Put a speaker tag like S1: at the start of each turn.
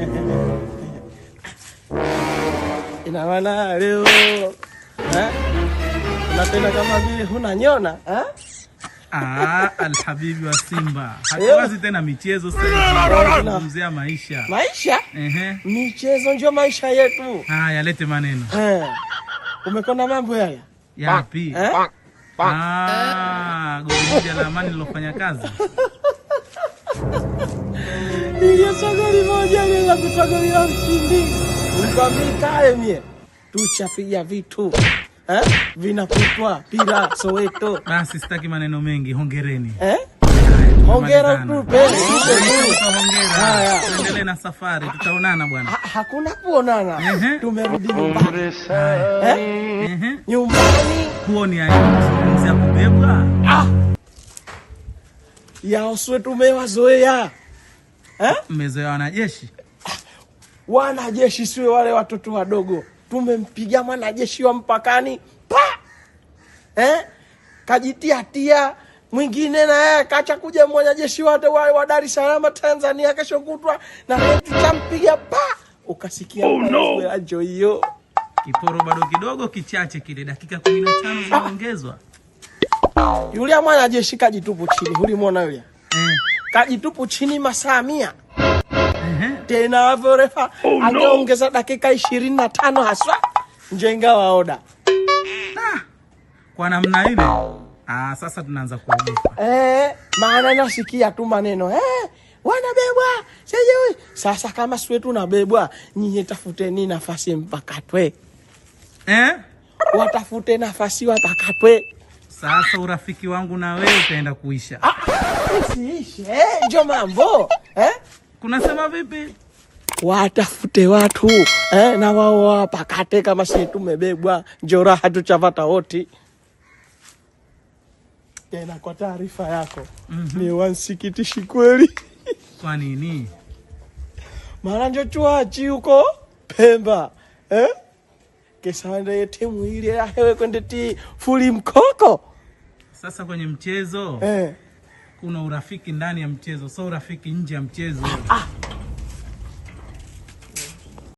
S1: Eh, ina maana leo eh, kama vile hunanyona eh?
S2: Ah, alhabibi wa Simba eh? hatuwazi tena michezo sasa, maisha maisha. Ehe,
S1: michezo ndio maisha yetu.
S2: Ah, yalete maneno
S1: eh. Umekonda mambo yale yapi? Eh?
S2: Ah, goli la amani lilofanya kazi
S1: bila kutegemea mshindi. Kale mie tuchapiga vitu eh, vinapitwa pira Soweto.
S2: Basi sitaki maneno mengi, hongereni
S1: eh? Hongera tupe.
S2: Haya, tuendelee na safari, tutaonana bwana.
S1: Hakuna kuonana, tumerudi nyumbani. Eh? Nyumbani
S2: kuoni ah! ya kubebwa
S1: yaoswe, tumewazoea. Eh?
S2: Mmezoea wanajeshi
S1: wanajeshi siwe wale watoto wadogo. Tumempiga mwanajeshi wa mpakani pa eh, kajitiatia mwingine naye kacha kuja mwanajeshi wa, wa Dar es Salaam Tanzania, kesho kutwa na tutampiga pa, ukasikia
S2: oh, no.
S1: anjo hiyo
S2: kiporo bado kidogo kichache kile, dakika kumi na tano
S1: ah. Yule mwanajeshi kajitupu chini, ulimwona yule mm. kajitupu chini masaa mia tena hivyo refa oh, angeongeza no. dakika ishirini na tano haswa njenga waoda
S2: ah, Kwa namna ile ah, sasa tunaanza kuogopa
S1: eh, maana nasikia tu maneno eh, wanabebwa sijui. Sasa kama siwe tunabebwa, nyinyi tafuteni nafasi mpakatwe eh? watafute nafasi watakatwe.
S2: Sasa urafiki wangu na wewe utaenda kuisha.
S1: Ah, usiishe eh, njo mambo eh?
S2: kunasema vipi?
S1: watafute watu eh, na wao kate, kama sisi tumebebwa njoraha tuchavata woti tena. Kwa taarifa yako mm -hmm. ni wansikitishi kweli.
S2: Kwa nini?
S1: maana njo chuachi huko Pemba eh? kesawandeyete mwili ahewe ti fuli mkoko
S2: sasa kwenye mchezo eh kuna urafiki ndani ya mchezo, so urafiki nje ya mchezo. Ah, ah.